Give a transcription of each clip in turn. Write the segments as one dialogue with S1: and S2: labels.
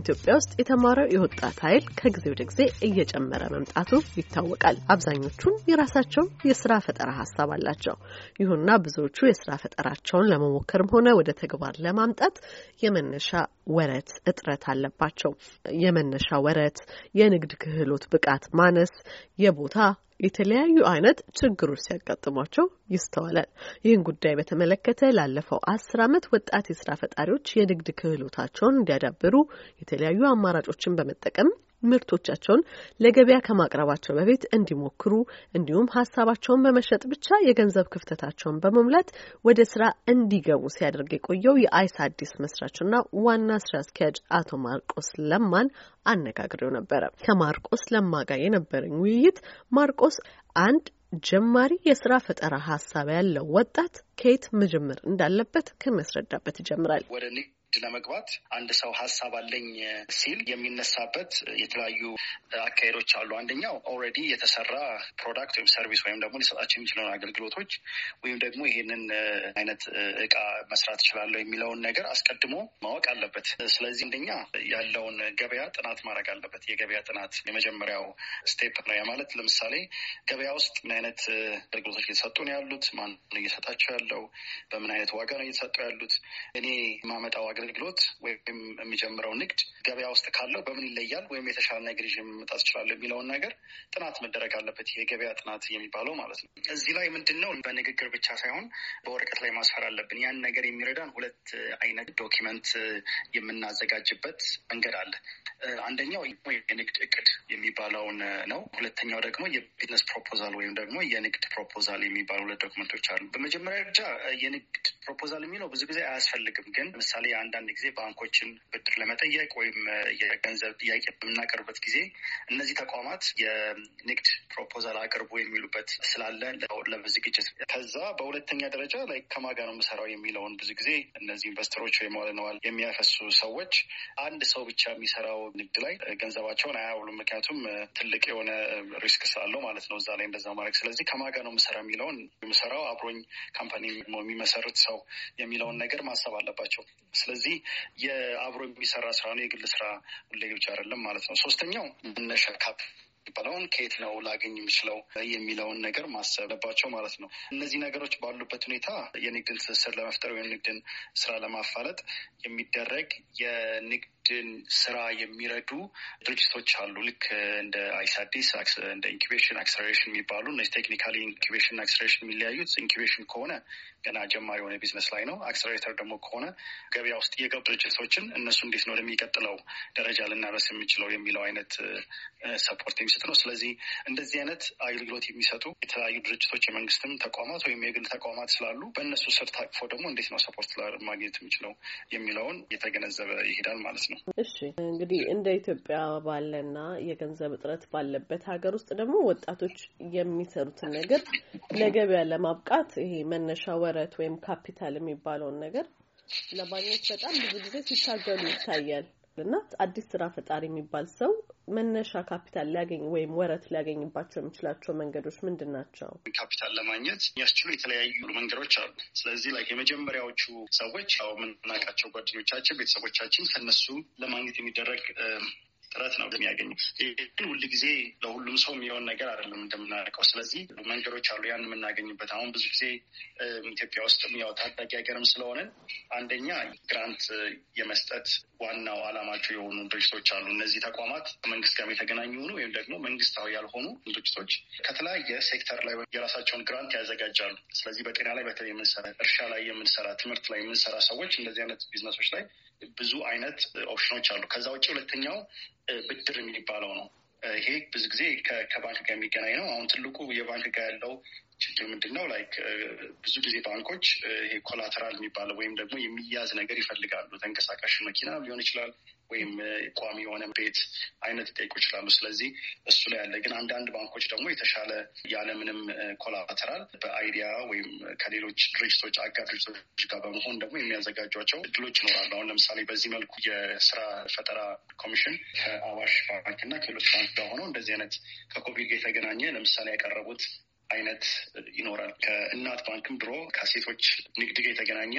S1: ኢትዮጵያ ውስጥ የተማረው የወጣት ኃይል ከጊዜ ወደ ጊዜ እየጨመረ መምጣቱ ይታወቃል። አብዛኞቹም የራሳቸው የስራ ፈጠራ ሀሳብ አላቸው። ይሁንና ብዙዎቹ የስራ ፈጠራቸውን ለመሞከርም ሆነ ወደ ተግባር ለማምጣት የመነሻ ወረት እጥረት አለባቸው። የመነሻ ወረት፣ የንግድ ክህሎት ብቃት ማነስ፣ የቦታ የተለያዩ አይነት ችግሮች ሲያጋጥሟቸው ይስተዋላል። ይህን ጉዳይ በተመለከተ ላለፈው አስር ዓመት ወጣት የስራ ፈጣሪዎች የንግድ ክህሎታቸውን እንዲያዳብሩ የተለያዩ አማራጮችን በመጠቀም ምርቶቻቸውን ለገበያ ከማቅረባቸው በፊት እንዲሞክሩ እንዲሁም ሀሳባቸውን በመሸጥ ብቻ የገንዘብ ክፍተታቸውን በመሙላት ወደ ስራ እንዲገቡ ሲያደርግ የቆየው የአይስ አዲስ መስራችና ዋና ስራ አስኪያጅ አቶ ማርቆስ ለማን አነጋግሬው ነበረ። ከማርቆስ ለማ ጋር የነበረኝ ውይይት ማርቆስ አንድ ጀማሪ የስራ ፈጠራ ሀሳብ ያለው ወጣት ከየት መጀመር እንዳለበት ከሚያስረዳበት ይጀምራል።
S2: ለመግባት አንድ ሰው ሀሳብ አለኝ ሲል የሚነሳበት የተለያዩ አካሄዶች አሉ። አንደኛው ኦልሬዲ የተሰራ ፕሮዳክት ወይም ሰርቪስ ወይም ደግሞ ሊሰጣቸው የሚችለውን አገልግሎቶች ወይም ደግሞ ይሄንን አይነት እቃ መስራት እችላለሁ የሚለውን ነገር አስቀድሞ ማወቅ አለበት። ስለዚህ አንደኛ ያለውን ገበያ ጥናት ማድረግ አለበት። የገበያ ጥናት የመጀመሪያው ስቴፕ ነው። ያ ማለት ለምሳሌ ገበያ ውስጥ ምን አይነት አገልግሎቶች እየተሰጡ ነው ያሉት፣ ማን እየሰጣቸው ያለው፣ በምን አይነት ዋጋ ነው እየተሰጡ ያሉት፣ እኔ የማመጣው አገልግሎት ወይም የሚጀምረው ንግድ ገበያ ውስጥ ካለው በምን ይለያል ወይም የተሻለ ነገር ይዤ መምጣት እችላለሁ የሚለውን ነገር ጥናት መደረግ አለበት። ይሄ የገበያ ጥናት የሚባለው ማለት ነው። እዚህ ላይ ምንድን ነው በንግግር ብቻ ሳይሆን በወረቀት ላይ ማስፈር አለብን። ያን ነገር የሚረዳን ሁለት አይነት ዶኪመንት የምናዘጋጅበት መንገድ አለ። አንደኛው የንግድ እቅድ የሚባለውን ነው። ሁለተኛው ደግሞ የቢዝነስ ፕሮፖዛል ወይም ደግሞ የንግድ ፕሮፖዛል የሚባሉ ሁለት ዶክመንቶች አሉ። በመጀመሪያ ደረጃ የንግድ ፕሮፖዛል የሚለው ብዙ ጊዜ አያስፈልግም። ግን ለምሳሌ አንዳንድ ጊዜ ባንኮችን ብድር ለመጠየቅ ወይም የገንዘብ ጥያቄ በምናቀርብበት ጊዜ እነዚህ ተቋማት የንግድ ፕሮፖዛል አቅርቡ የሚሉበት ስላለ ለዝግጅት ከዛ በሁለተኛ ደረጃ ላይ ከማጋ ነው የምሰራው የሚለውን ብዙ ጊዜ እነዚህ ኢንቨስተሮች ወይም ዋለነዋል የሚያፈሱ ሰዎች አንድ ሰው ብቻ የሚሰራው ንግድ ላይ ገንዘባቸውን አያውሉም። ምክንያቱም ትልቅ የሆነ ሪስክ ስላለው ማለት ነው እዛ ላይ እንደዛ ማድረግ። ስለዚህ ከማጋ ነው የምሰራ የሚለውን የምሰራው አብሮኝ ካምፓኒ የሚመሰርት ሰው የሚለውን ነገር ማሰብ አለባቸው። ስለዚህ የአብሮ የሚሰራ ስራ ነው፣ የግል ስራ ሁሌ ብቻ አይደለም ማለት ነው። ሶስተኛው መነሻ የሚባለውን ከየት ነው ላገኝ የሚችለው የሚለውን ነገር ማሰብ አለባቸው ማለት ነው። እነዚህ ነገሮች ባሉበት ሁኔታ የንግድን ትስስር ለመፍጠር ወይም ንግድን ስራ ለማፋለጥ የሚደረግ የንግድ ቡድን ስራ የሚረዱ ድርጅቶች አሉ። ልክ እንደ አይሳዲስ እንደ ኢንኩቤሽን አክሰሬሽን የሚባሉ እነዚህ ቴክኒካሊ ኢንኩቤሽን አክሰሬሽን የሚለያዩት ኢንኩቤሽን ከሆነ ገና ጀማሪ የሆነ ቢዝነስ ላይ ነው። አክሰሬተር ደግሞ ከሆነ ገበያ ውስጥ የገቡ ድርጅቶችን እነሱ እንዴት ነው ወደሚቀጥለው ደረጃ ልናበስ የምንችለው የሚለው አይነት ሰፖርት የሚሰጥ ነው። ስለዚህ እንደዚህ አይነት አገልግሎት የሚሰጡ የተለያዩ ድርጅቶች የመንግስትም ተቋማት ወይም የግል ተቋማት ስላሉ በእነሱ ስር ታቅፎ ደግሞ እንዴት ነው ሰፖርት ማግኘት የምችለው የሚለውን እየተገነዘበ ይሄዳል ማለት ነው።
S1: እሺ እንግዲህ እንደ ኢትዮጵያ ባለና የገንዘብ እጥረት ባለበት ሀገር ውስጥ ደግሞ ወጣቶች የሚሰሩትን ነገር ለገበያ ለማብቃት ይሄ መነሻ ወረት ወይም ካፒታል የሚባለውን ነገር ለማግኘት በጣም ብዙ ጊዜ ሲታገሉ ይታያል እና አዲስ ስራ ፈጣሪ የሚባል ሰው መነሻ ካፒታል ሊያገኝ ወይም ወረት ሊያገኝባቸው የሚችላቸው መንገዶች ምንድን ናቸው?
S2: ካፒታል ለማግኘት የሚያስችሉ የተለያዩ መንገዶች አሉ። ስለዚህ ላይ የመጀመሪያዎቹ ሰዎች የምናውቃቸው ጓደኞቻችን፣ ቤተሰቦቻችን ከነሱ ለማግኘት የሚደረግ ጥረት ነው የሚያገኙ። ግን ሁል ጊዜ ለሁሉም ሰው የሚሆን ነገር አይደለም እንደምናውቀው። ስለዚህ መንገዶች አሉ ያን የምናገኝበት። አሁን ብዙ ጊዜ ኢትዮጵያ ውስጥም ያው ታዳጊ ሀገርም ስለሆነ አንደኛ ግራንት የመስጠት ዋናው አላማቸው የሆኑ ድርጅቶች አሉ። እነዚህ ተቋማት ከመንግስት ጋር የተገናኙ ሆኑ ወይም ደግሞ መንግስታዊ ያልሆኑ ድርጅቶች ከተለያየ ሴክተር ላይ የራሳቸውን ግራንት ያዘጋጃሉ። ስለዚህ በጤና ላይ በተለይ የምንሰራ እርሻ ላይ የምንሰራ ትምህርት ላይ የምንሰራ ሰዎች እንደዚህ አይነት ቢዝነሶች ላይ ብዙ አይነት ኦፕሽኖች አሉ። ከዛ ውጭ ሁለተኛው ብድር የሚባለው ነው። ይሄ ብዙ ጊዜ ከባንክ ጋር የሚገናኝ ነው። አሁን ትልቁ የባንክ ጋር ያለው ችግር ምንድን ነው? ላይክ uh, ብዙ ጊዜ ባንኮች uh, ይሄ ኮላተራል የሚባለው ወይም ደግሞ የሚያዝ ነገር ይፈልጋሉ። ተንቀሳቃሽ መኪና ሊሆን ይችላል ወይም uh, ቋሚ የሆነ ቤት አይነት ሊጠይቁ ይችላሉ። ስለዚህ እሱ ላይ ያለ ግን አንዳንድ ባንኮች ደግሞ የተሻለ ያለምንም ኮላተራል በአይዲያ ወይም ከሌሎች ድርጅቶች አጋር ድርጅቶች ጋር በመሆን ደግሞ የሚያዘጋጇቸው እድሎች ይኖራሉ። አሁን ለምሳሌ በዚህ መልኩ የስራ ፈጠራ ኮሚሽን ከአዋሽ ባንክ እና ከሌሎች ባንክ ጋር ሆነው እንደዚህ አይነት ከኮቪድ ጋር የተገናኘ ለምሳሌ ያቀረቡት አይነት ይኖራል። ከእናት ባንክም ድሮ ከሴቶች ንግድ ጋር የተገናኘ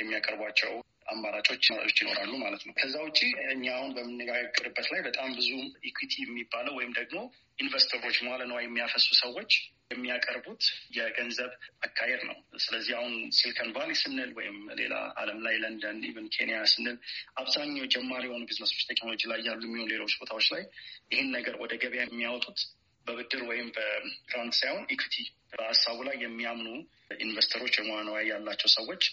S2: የሚያቀርቧቸው አማራጮች ይኖራሉ ማለት ነው። ከዛ ውጭ እኛ አሁን በምነጋገርበት ላይ በጣም ብዙ ኢኩዊቲ የሚባለው ወይም ደግሞ ኢንቨስተሮች መዋለ ንዋይ የሚያፈሱ ሰዎች የሚያቀርቡት የገንዘብ አካሄድ ነው። ስለዚህ አሁን ሲሊከን ቫሊ ስንል ወይም ሌላ ዓለም ላይ ለንደን፣ ኢቨን ኬንያ ስንል አብዛኛው ጀማሪ የሆኑ ቢዝነሶች ቴክኖሎጂ ላይ ያሉ የሚሆኑ ሌሎች ቦታዎች ላይ ይህን ነገር ወደ ገበያ የሚያወጡት በብድር ወይም በግራንት ሳይሆን ኢኩቲ በሀሳቡ ላይ የሚያምኑ ኢንቨስተሮች የመዋለ ንዋይ ያላቸው ሰዎች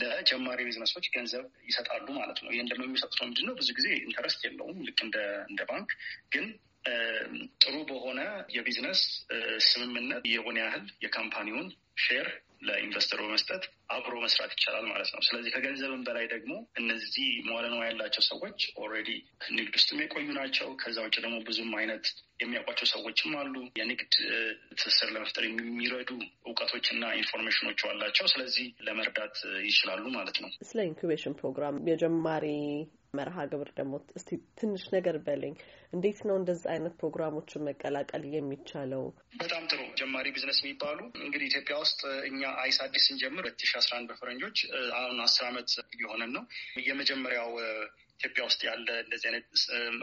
S2: ለጀማሪ ቢዝነሶች ገንዘብ ይሰጣሉ ማለት ነው። ይህን ደግሞ የሚሰጡት ነው ምንድነው? ብዙ ጊዜ ኢንተረስት የለውም ልክ እንደ ባንክ ግን ጥሩ በሆነ የቢዝነስ ስምምነት የሆነ ያህል የካምፓኒውን ሼር ለኢንቨስተሩ በመስጠት አብሮ መስራት ይቻላል ማለት ነው። ስለዚህ ከገንዘብም በላይ ደግሞ እነዚህ መዋለ ንዋይ ያላቸው ሰዎች ኦልሬዲ ንግድ ውስጥም የቆዩ ናቸው። ከዛ ውጭ ደግሞ ብዙም አይነት የሚያውቋቸው ሰዎችም አሉ። የንግድ ትስስር ለመፍጠር የሚረዱ እውቀቶችና
S1: ኢንፎርሜሽኖች አላቸው። ስለዚህ ለመርዳት ይችላሉ ማለት ነው። ስለ ኢንኩቤሽን ፕሮግራም የጀማሪ መርሃ ግብር ደግሞ እስቲ ትንሽ ነገር በልኝ። እንዴት ነው እንደዚህ አይነት ፕሮግራሞችን መቀላቀል የሚቻለው?
S2: በጣም ጥሩ ጀማሪ ቢዝነስ የሚባሉ እንግዲህ ኢትዮጵያ ውስጥ እኛ አይስ አዲስ ስንጀምር ሁለት ሺ አስራ አንድ በፈረንጆች አሁን አስር አመት እየሆነን ነው። የመጀመሪያው ኢትዮጵያ ውስጥ ያለ እንደዚህ አይነት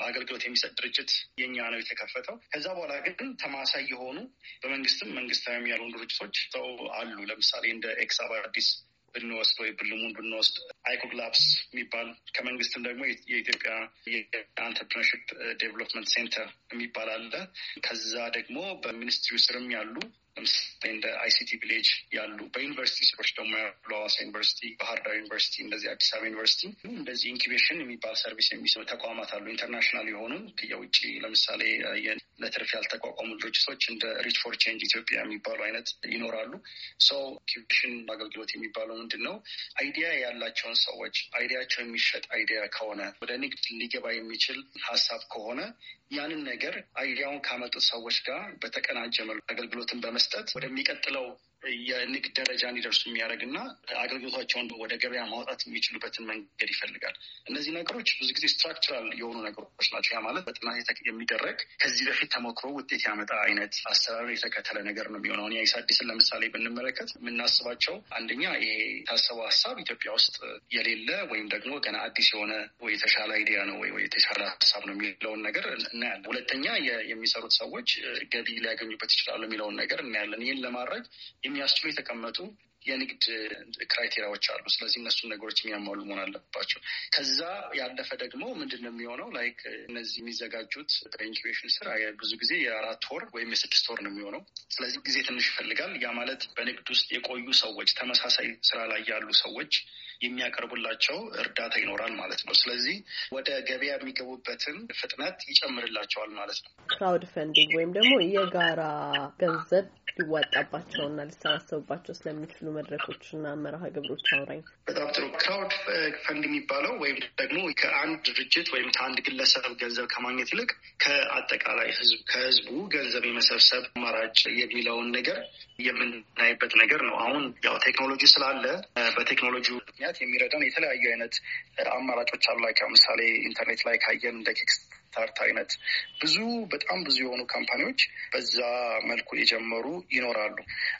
S2: አገልግሎት የሚሰጥ ድርጅት የኛ ነው የተከፈተው። ከዛ በኋላ ግን ተማሳይ የሆኑ በመንግስትም መንግስታዊም ያልሆኑ ድርጅቶች ሰው አሉ። ለምሳሌ እንደ ኤክስ አባ አዲስ ብንወስድ ወይ ብልሙን ብንወስድ አይኮግላፕስ የሚባል ከመንግስትም ደግሞ የኢትዮጵያ የአንትርፕርነርሽፕ ዴቨሎፕመንት ሴንተር የሚባል አለ። ከዛ ደግሞ በሚኒስትሪ ስርም ያሉ ለምሳሌ እንደ አይሲቲ ቪሌጅ ያሉ በዩኒቨርሲቲ ስሮች ደግሞ ያሉ ሀዋሳ ዩኒቨርሲቲ፣ ባህርዳር ዩኒቨርሲቲ፣ እንደዚህ አዲስ አበባ ዩኒቨርሲቲ እንደዚህ ኢንኩቤሽን የሚባል ሰርቪስ የሚሰሩ ተቋማት አሉ። ኢንተርናሽናል የሆኑ የውጭ ለምሳሌ ለትርፍ ያልተቋቋሙ ድርጅቶች እንደ ሪች ፎር ቼንጅ ኢትዮጵያ የሚባሉ አይነት ይኖራሉ። ሰው ኢንኩቤሽን አገልግሎት የሚባለው ምንድን ነው? አይዲያ ያላቸውን ሰዎች አይዲያቸው የሚሸጥ አይዲያ ከሆነ ወደ ንግድ ሊገባ የሚችል ሀሳብ ከሆነ ያንን ነገር አያውን ካመጡት ሰዎች ጋር በተቀናጀ አገልግሎትን በመስጠት ወደሚቀጥለው የንግድ ደረጃ እንዲደርሱ የሚያደርግ እና አገልግሎታቸውን ወደ ገበያ ማውጣት የሚችሉበትን መንገድ ይፈልጋል። እነዚህ ነገሮች ብዙ ጊዜ ስትራክቸራል የሆኑ ነገሮች ናቸው። ያ ማለት በጥናት የሚደረግ ከዚህ በፊት ተሞክሮ ውጤት ያመጣ አይነት አሰራር የተከተለ ነገር ነው የሚሆነው። አሁን የአዲስ አዲስን ለምሳሌ ብንመለከት የምናስባቸው አንደኛ ይሄ ታሰበው ሀሳብ ኢትዮጵያ ውስጥ የሌለ ወይም ደግሞ ገና አዲስ የሆነ ወይ የተሻለ አይዲያ ነው ወይ የተሻለ ሀሳብ ነው የሚለውን ነገር እናያለን። ሁለተኛ የሚሰሩት ሰዎች ገቢ ሊያገኙበት ይችላሉ የሚለውን ነገር እናያለን። ይህን ለማድረግ የሚያስችሉ የተቀመጡ የንግድ ክራይቴሪያዎች አሉ። ስለዚህ እነሱን ነገሮች የሚያሟሉ መሆን አለባቸው። ከዛ ያለፈ ደግሞ ምንድን ነው የሚሆነው ላይክ እነዚህ የሚዘጋጁት በኢንኩቤሽን ስር ብዙ ጊዜ የአራት ወር ወይም የስድስት ወር ነው የሚሆነው። ስለዚህ ጊዜ ትንሽ ይፈልጋል። ያ ማለት በንግድ ውስጥ የቆዩ ሰዎች፣ ተመሳሳይ ስራ ላይ ያሉ ሰዎች የሚያቀርቡላቸው እርዳታ ይኖራል ማለት ነው። ስለዚህ ወደ ገበያ የሚገቡበትን ፍጥነት ይጨምርላቸዋል ማለት ነው።
S1: ክራውድ ፈንዲንግ ወይም ደግሞ የጋራ ገንዘብ ሊዋጣባቸውና ሊሰባሰቡባቸው ስለሚችሉ መድረኮችና መርሃ ግብሮች አውራኝ።
S2: በጣም ጥሩ። ክራውድ ፈንድ የሚባለው ወይም ደግሞ ከአንድ ድርጅት ወይም ከአንድ ግለሰብ ገንዘብ ከማግኘት ይልቅ ከአጠቃላይ ህዝብ ከህዝቡ ገንዘብ የመሰብሰብ አማራጭ የሚለውን ነገር የምናይበት ነገር ነው። አሁን ያው ቴክኖሎጂ ስላለ በቴክኖሎጂ ምክንያት የሚረዳን የተለያዩ አይነት አማራጮች አሉ። ላይ ከምሳሌ ኢንተርኔት ላይ ካየን እንደ ኪክስ ስታርት አይነት ብዙ በጣም ብዙ የሆኑ ካምፓኒዎች በዛ መልኩ የጀመሩ ይኖራሉ።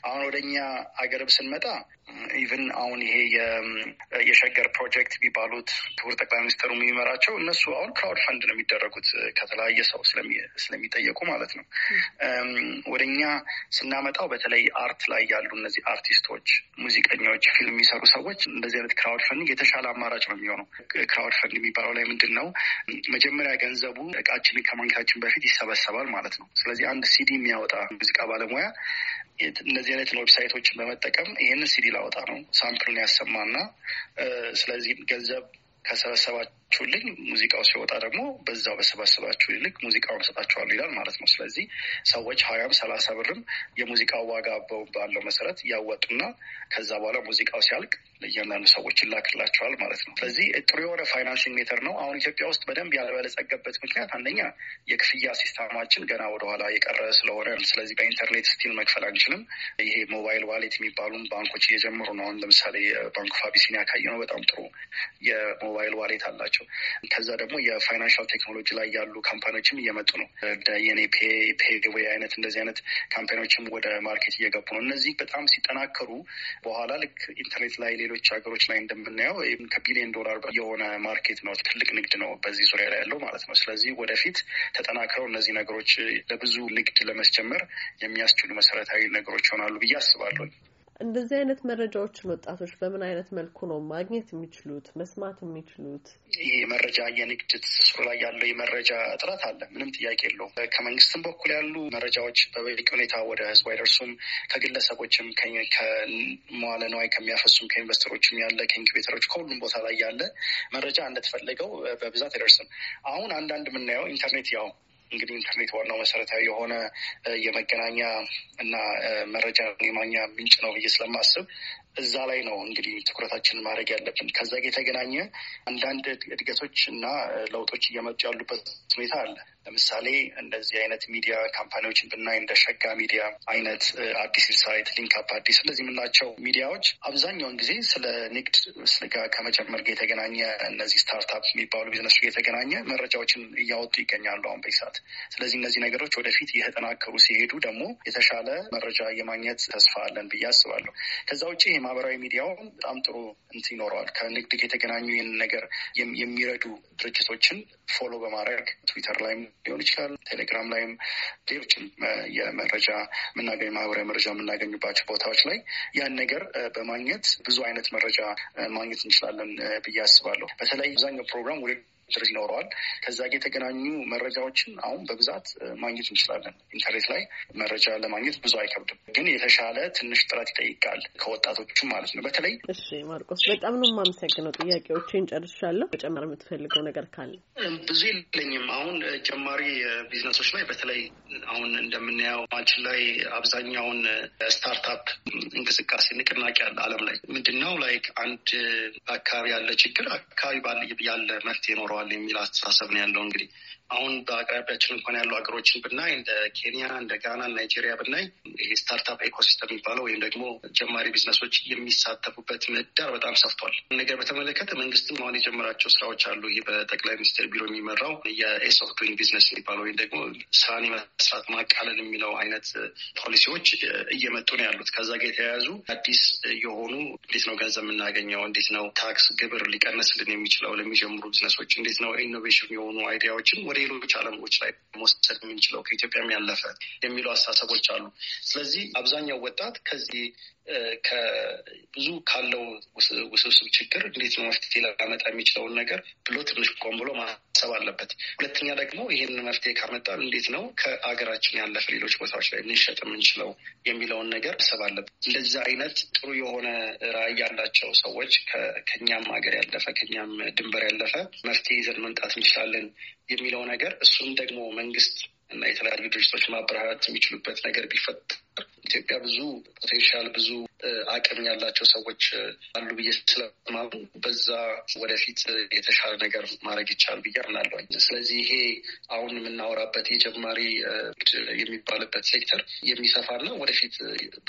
S2: አሁን ወደኛ አገርም ስንመጣ ኢቨን አሁን ይሄ የሸገር ፕሮጀክት የሚባሉት ክቡር ጠቅላይ ሚኒስትሩ የሚመራቸው እነሱ አሁን ክራውድ ፈንድ ነው የሚደረጉት ከተለያየ ሰው ስለሚጠየቁ ማለት ነው። ወደ እኛ ስናመጣው በተለይ አርት ላይ ያሉ እነዚህ አርቲስቶች፣ ሙዚቀኞች፣ ፊልም የሚሰሩ ሰዎች እንደዚህ አይነት ክራውድ ፈንድ የተሻለ አማራጭ ነው የሚሆነው። ክራውድ ፈንድ የሚባለው ላይ ምንድን ነው መጀመሪያ ገንዘቡ እቃችንን ከማግኘታችን በፊት ይሰበሰባል ማለት ነው። ስለዚህ አንድ ሲዲ የሚያወጣ ሙዚቃ ባለሙያ እነዚህ አይነትን ዌብሳይቶችን በመጠቀም ይህንን ሲዲ ላወጣ ነው ሳምፕሉን ያሰማና ስለዚህ ገንዘብ ከሰበሰባችሁልኝ ሙዚቃው ሲወጣ ደግሞ በዛው በሰበሰባችሁ ልክ ሙዚቃውን ሰጣችኋሉ ይላል ማለት ነው። ስለዚህ ሰዎች ሀያም ሰላሳ ብርም የሙዚቃው ዋጋ ባለው መሰረት ያወጡና ከዛ በኋላ ሙዚቃው ሲያልቅ ለእያንዳንዱ ሰዎች ይላክላቸዋል ማለት ነው። ስለዚህ ጥሩ የሆነ ፋይናንሽንግ ሜተር ነው። አሁን ኢትዮጵያ ውስጥ በደንብ ያልበለጸገበት ምክንያት አንደኛ የክፍያ ሲስተማችን ገና ወደኋላ የቀረ ስለሆነ፣ ስለዚህ በኢንተርኔት ስቲል መክፈል አንችልም። ይሄ ሞባይል ዋሌት የሚባሉም ባንኮች እየጀመሩ ነው። አሁን ለምሳሌ ባንክ ኦፍ አቢሲኒያ ካየነው በጣም ጥሩ የሞባይል ዋሌት አላቸው። ከዛ ደግሞ የፋይናንሻል ቴክኖሎጂ ላይ ያሉ ካምፓኒዎችም እየመጡ ነው። እንደ የኔ ፔፔወይ አይነት እንደዚህ አይነት ካምፓኒዎችም ወደ ማርኬት እየገቡ ነው። እነዚህ በጣም ሲጠናከሩ በኋላ ልክ ኢንተርኔት ላይ ሌሎች ሀገሮች ላይ እንደምናየው ከቢሊዮን ዶላር የሆነ ማርኬት ነው። ትልቅ ንግድ ነው በዚህ ዙሪያ ላይ ያለው ማለት ነው። ስለዚህ ወደፊት ተጠናክረው እነዚህ ነገሮች ለብዙ ንግድ ለመስጀመር የሚያስችሉ መሰረታዊ ነገሮች ይሆናሉ ብዬ አስባለሁ።
S1: እንደዚህ አይነት መረጃዎችን ወጣቶች በምን አይነት መልኩ ነው ማግኘት የሚችሉት መስማት የሚችሉት?
S2: ይህ መረጃ የንግድ ትስስሩ ላይ ያለው የመረጃ እጥረት አለ፣ ምንም ጥያቄ የለውም። ከመንግስትም በኩል ያሉ መረጃዎች በበቂ ሁኔታ ወደ ህዝቡ አይደርሱም። ከግለሰቦችም፣ ከመዋለ ነዋይ ከሚያፈሱም፣ ከኢንቨስተሮችም ያለ ከኢንኩቤተሮች፣ ከሁሉም ቦታ ላይ ያለ መረጃ እንደተፈለገው በብዛት አይደርስም። አሁን አንዳንድ የምናየው ኢንተርኔት ያው እንግዲህ ኢንተርኔት ዋናው መሰረታዊ የሆነ የመገናኛ እና መረጃ የማግኛ ምንጭ ነው ብዬ ስለማስብ እዛ ላይ ነው እንግዲህ ትኩረታችንን ማድረግ ያለብን። ከዛ የተገናኘ አንዳንድ እድገቶች እና ለውጦች እየመጡ ያሉበት ሁኔታ አለ። ለምሳሌ እንደዚህ አይነት ሚዲያ ካምፓኒዎችን ብናይ እንደ ሸጋ ሚዲያ አይነት፣ አዲስ ሳይት፣ ሊንክአፕ አዲስ እንደዚህ የምንላቸው ሚዲያዎች አብዛኛውን ጊዜ ስለ ንግድ ስጋ ከመጨመር ጋር የተገናኘ እነዚህ ስታርታፕ የሚባሉ ቢዝነስ ጋር የተገናኘ መረጃዎችን እያወጡ ይገኛሉ አሁን በይሳት። ስለዚህ እነዚህ ነገሮች ወደፊት እየተጠናከሩ ሲሄዱ ደግሞ የተሻለ መረጃ የማግኘት ተስፋ አለን ብዬ አስባለሁ። ከዛ ውጭ የማህበራዊ ማህበራዊ ሚዲያው በጣም ጥሩ እንትን ይኖረዋል። ከንግድ የተገናኙ ይህን ነገር የሚረዱ ድርጅቶችን ፎሎ በማድረግ ትዊተር ላይም ሊሆን ይችላል፣ ቴሌግራም ላይም፣ ሌሎችም የመረጃ የምናገኝ ማህበራዊ መረጃ የምናገኝባቸው ቦታዎች ላይ ያን ነገር በማግኘት ብዙ አይነት መረጃ ማግኘት እንችላለን ብዬ አስባለሁ። በተለይ አብዛኛው ፕሮግራም ዝርዝር ይኖረዋል። ከዛ ጋ የተገናኙ መረጃዎችን አሁን በብዛት ማግኘት እንችላለን። ኢንተርኔት ላይ መረጃ ለማግኘት ብዙ አይከብድም፣ ግን የተሻለ ትንሽ ጥረት ይጠይቃል ከወጣቶቹም ማለት ነው በተለይ።
S1: እሺ ማርቆስ፣ በጣም ነው የማመሰግነው። ጥያቄዎችን ጨርሻለሁ። መጨመር የምትፈልገው ነገር ካለ?
S2: ብዙ የለኝም። አሁን ጀማሪ ቢዝነሶች ላይ በተለይ አሁን እንደምናየው ማችን ላይ አብዛኛውን ስታርታፕ እንቅስቃሴ ንቅናቄ ያለ አለም ላይ ምንድነው ላይክ አንድ አካባቢ ያለ ችግር አካባቢ ያለ መፍትሄ ኖረ ይኖረዋል የሚል አስተሳሰብ ነው ያለው እንግዲህ አሁን በአቅራቢያችን እንኳን ያሉ ሀገሮችን ብናይ እንደ ኬንያ፣ እንደ ጋና፣ ናይጄሪያ ብናይ ይሄ ስታርታፕ ኢኮሲስተም የሚባለው ወይም ደግሞ ጀማሪ ቢዝነሶች የሚሳተፉበት ምህዳር በጣም ሰፍቷል። ነገር በተመለከተ መንግስትም አሁን የጀመራቸው ስራዎች አሉ። ይህ በጠቅላይ ሚኒስትር ቢሮ የሚመራው የኤስ ኦፍ ዱይንግ ቢዝነስ የሚባለው ወይም ደግሞ ስራን የመስራት ማቃለል የሚለው አይነት ፖሊሲዎች እየመጡ ነው ያሉት። ከዛ ጋር የተያያዙ አዲስ የሆኑ እንዴት ነው ገንዘብ የምናገኘው፣ እንዴት ነው ታክስ ግብር ሊቀነስልን የሚችለው ለሚጀምሩ ቢዝነሶች፣ እንዴት ነው ኢኖቬሽን የሆኑ አይዲያዎችን ወደ ሌሎች ዓለሞች ላይ መውሰድ የምንችለው ከኢትዮጵያም ያለፈ የሚሉ አስተሳሰቦች አሉ። ስለዚህ አብዛኛው ወጣት ከዚህ ከብዙ ካለው ውስብስብ ችግር እንዴት ነው መፍትሄ ላመጣ የሚችለውን ነገር ብሎ ትንሽ ቆም ብሎ ማሰብ አለበት። ሁለተኛ ደግሞ ይህን መፍትሄ ካመጣ እንዴት ነው ከአገራችን ያለፈ ሌሎች ቦታዎች ላይ ልንሸጥ የምንችለው የሚለውን ነገር ማሰብ አለበት። እንደዚህ አይነት ጥሩ የሆነ ራዕይ ያላቸው ሰዎች ከኛም ሀገር ያለፈ ከኛም ድንበር ያለፈ መፍትሄ ይዘን መምጣት እንችላለን የሚለው ነገር እሱም ደግሞ መንግስት እና የተለያዩ ድርጅቶች ማበረራት የሚችሉበት ነገር ቢፈጥ ኢትዮጵያ ብዙ ፖቴንሻል ብዙ አቅም ያላቸው ሰዎች አሉ ብዬ ስለማምን በዛ ወደፊት የተሻለ ነገር ማድረግ ይቻል ብዬ አምናለሁ። ስለዚህ ይሄ አሁን የምናወራበት የጀማሪ ንግድ የሚባልበት ሴክተር የሚሰፋና ወደፊት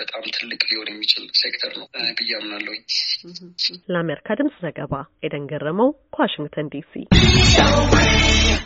S2: በጣም ትልቅ ሊሆን የሚችል ሴክተር ነው ብዬ አምናለሁ።
S1: ለአሜሪካ ድምጽ ዘገባ ኤደን ገረመው ከዋሽንግተን ዲሲ